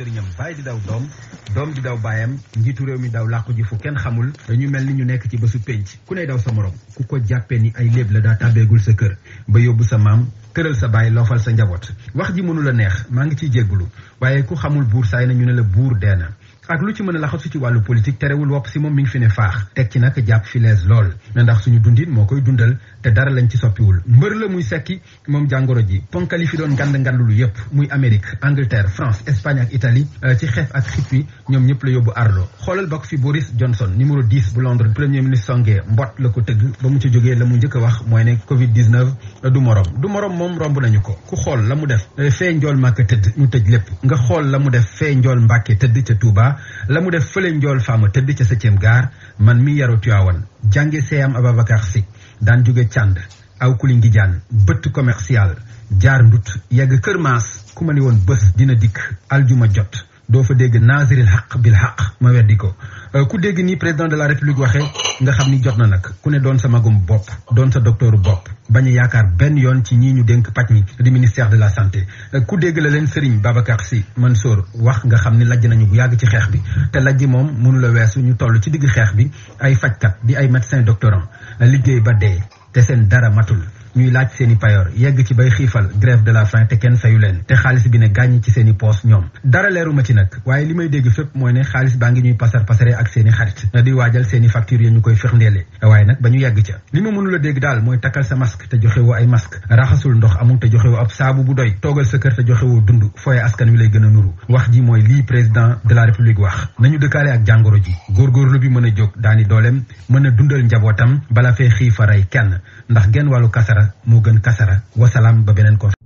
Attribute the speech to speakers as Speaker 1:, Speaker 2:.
Speaker 1: sëriñam bàyyi di daw doom doom di daw bàyyam njiitu réew mi daw làqu ji fu kenn xamul ñu mel ni ñu nekk ci bésu penc ku ne daw sa morom ku ko jàppee ni ay léeb la daa tàbbeegul sa kër ba yóbbu sa maam këral sa baay loofal sa njaboot wax ji mënu la neex maa ngi ciy jéggulu waaye ku xamul buur saay na ñu ne la buur dee na ak lu ci mën a laxasu ci wàllu politique terewul wopp si moom mi ngi fi ne faax teg ci nag jàpp fi lees lool ndax suñu dundin moo te dara lañ ci soppiwul mbër la muy sekki moom jàngoro ji ponkali fi doon ngand ngandulu yépp muy Amérique Angleterre France Espagne ak Italie euh, ci xeef ak xip wi ñoom ñëpp la yóbbu arlo xoolal bokk fi Boris Johnson numéro 10 bu Londres premier ministre songee mbot la ko tëgg ba mu ci jógee la mu njëkk a wax mooy ne Covid 19 euh, du morom du morom moom romb nañu ko ku xool la mu def euh, fee njool màkk tëdd tëj lépp nga xool la mu def fee njool mbàkke tëdd ca Touba la mu def fële njool faama tëdd ca septième gaar man mi yaru Tiwaawan jànge seeyam Ababacar Sy daan jóge cànd aw kuli ngi jaan bëtt commercial jaar ndut yegg kër maas ku ma ni woon bés dina dikk aljuma jot doo fa dégg naasiril xaq bil xaq ma weddi ko euh, ku dégg nii président de la république waxee nga xam ni jot na nag ku ne doon sa magum bopp doon sa docteuru bopp bañ a yaakaar benn yoon ci ñii ñu dénk paj mi di ministère de la santé euh, ku dégg la leen Serigne Babacar Sy Mansour wax nga xam ni lajj nañu bu yàgg ci xeex bi te lajj moom mënula la weesu toll ci digg xeex bi ay fajkat di ay médecin doctorant na liggéey ba dee te seen dara matul ñuy laaj seeni i payoor yegg ci bay xiifal grève de la faim te kenn fayu leen te xaalis bi ne gàññ ci seeni i poos ñoom dara leeru ci nag waaye li may dégg fépp mooy ne xaalis baa ngi ñuy pasar pasare ak seen xarit na di waajal seen i factures yi ñu koy firndeele waaye nag ba ñu yegg ca li ma mënula dégg daal mooy takkal sa masque te joxewu ay masque raxasul ndox amul te joxewu ab saabu bu doy toogal sa kër te joxewu dund fooye askan wi lay gën a nuru wax ji mooy lii président de la république wax nañu dëkkaale ak jàngoro ji góorgóorlu bi mën a jóg daani dooleem mën a dundal njabootam bala fee xiifa rey kenn ndax genn wàllu kasara dara moo gën kasara wasalaam ba beneen kon